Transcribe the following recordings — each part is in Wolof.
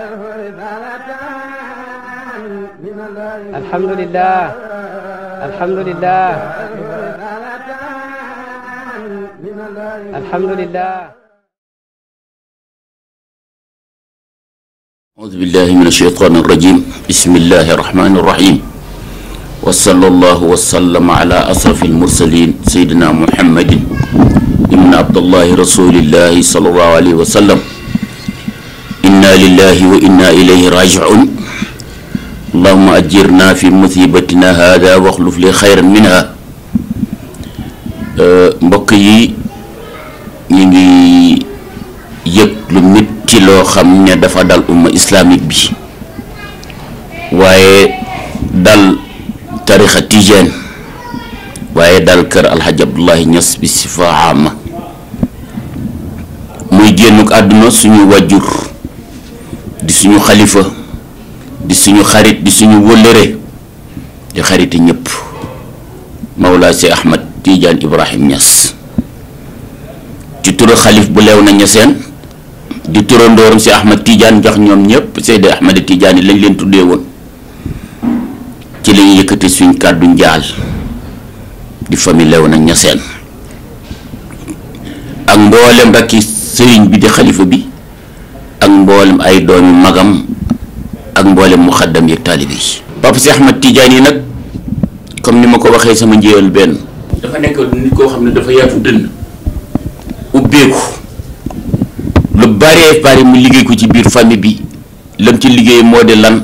alhamdulilah alhamdulilah alhamdulilah أعوذ بالله من الشيطان الرجيم بسم الله الرحمن الرحيم وصلى الله وسلم على أشرف المرسلين سيدنا محمد ابن عبد الله رسول الله صلى الله عليه وسلم lillahi wa inna ilayhi fi musibatina hada waxluf li xayran euh, yi ñu ngi yëg dafa dal umma islamique waaye dal tarixa tijaan waaye dal kër alxaj abdullahi ñas bi sifa ama muy génnuk àdduna suñu wàjjur di suñu xalifa di suñu xarit di suñu wëllëre di xariti ñëpp Mawlaa si Ahmad Tidiane Ibrahim Niass ci turu xalif bu leew na ñaseen di turandooram si Ahmad Tidiane jox ñoom ñëpp Seydi Ahmad Tidiane yi lañ leen tuddee woon ci lañu yëkkati suñ kàddu njaal di famille lew na ñaseen ak mboolem rakki sëriñ bi di xalifa bi ak mboolem ay doomi magam ak mboolem muxaddam yeeg taalib yi. Papa Cheikh Ahmad Tidiane yi nag comme ni ma ko waxee sama njéewal benn. dafa nekk nit koo xam ne dafa yaatu dënn ubbeeku lu bare bare mu liggéey ko ci biir famille bi lam ci liggéey moo di lan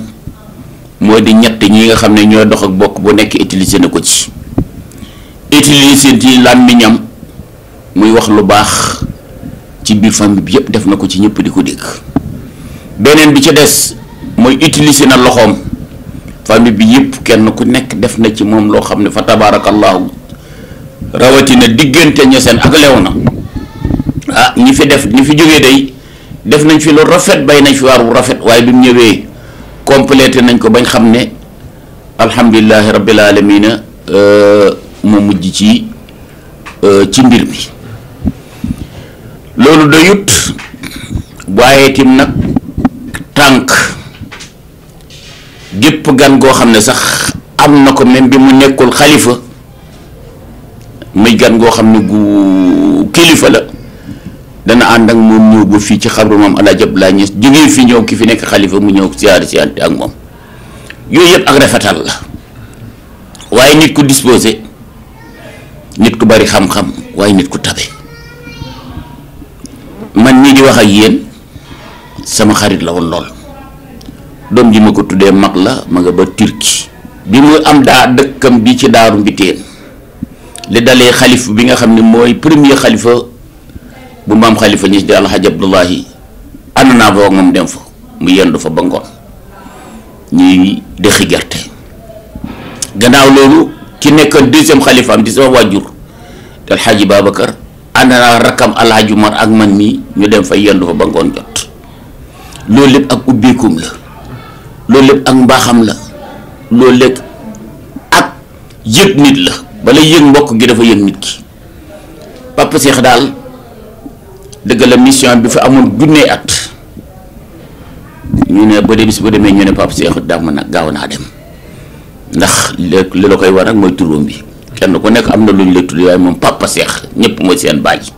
moo di ñett ñi nga xam ne ñoo dox ak bokk bu nekk utilisé na ko ci utilisé ci làmmiñam muy wax lu baax. ci biir famille bi yëpp def na ko ci ñëpp di ko dégg beneen bi ci des mooy utiliser na loxoom famille bi yëpp kenn ku nekk def na ci moom loo xam ne fa tabaarakallaahu rawatina diggante ña seen ak lew na ah ñi fi def ñi fi jógee day def nañ fi lu rafet bay nañ fi waar wu rafet waaye bi mu ñëwee complété nañ ko bañ xam ne alhamdulilahi rabbil alamina euh, moo mujj ci euh, ci mbir mi loolu doyut waaye tim nag tànk gépp gan goo xam ne sax am na ko même bi mu nekkul xalifa muy gan goo xam ne gu kilifa la dana ànd ak moom ñëw ba fii ci xabru moom El Hadj Abdoulaye Niass jógee fi ñëw ki fi nekk xalifa mu ñëw siyaare si ak moom yooyu yëpp ak rafetal la waaye nit ku disposé nit ku bari xam-xam waaye nit ku tabe man ñii di wax ak yéen sama xarit la woon lool doom ji ma ko tuddee mag la ma nga ba turki bi mu am daa dëkkam bi ci daaru mbiteen li dalee xalif bi nga xam ne mooy premier xalifa bu maam xalifa ñi di alxaj abdullahi ànd naa fa moom dem fa mu yendu fa ba ngoon ñuy dexi gerte gannaaw loolu ki nekkoon xalifa am di sama wàjjur alxaaji babacar ànd naa rakkam alaaji ak man mii ñu dem fa yendu fa ba ngoon jot loolu lépp ak ubbeekum la loolu lépp ak mbaaxam la loolu lépp ak yëg nit la bala yëg mbokk gi dafa yëg nit ki Papa daal dëgg la mission bi fa amoon junnee at ñu ne ba de si ba demee ñu ne Papa Cheikh dàmm ak gaaw naa dem ndax li la koy war nag mooy turam bi kenn ku nekk am na lu ñu la tudd waaye moom Papa Cheikh ñëpp mooy seen bàyyi